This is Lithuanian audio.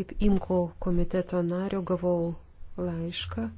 Kaip imko komiteto nario gavau laišką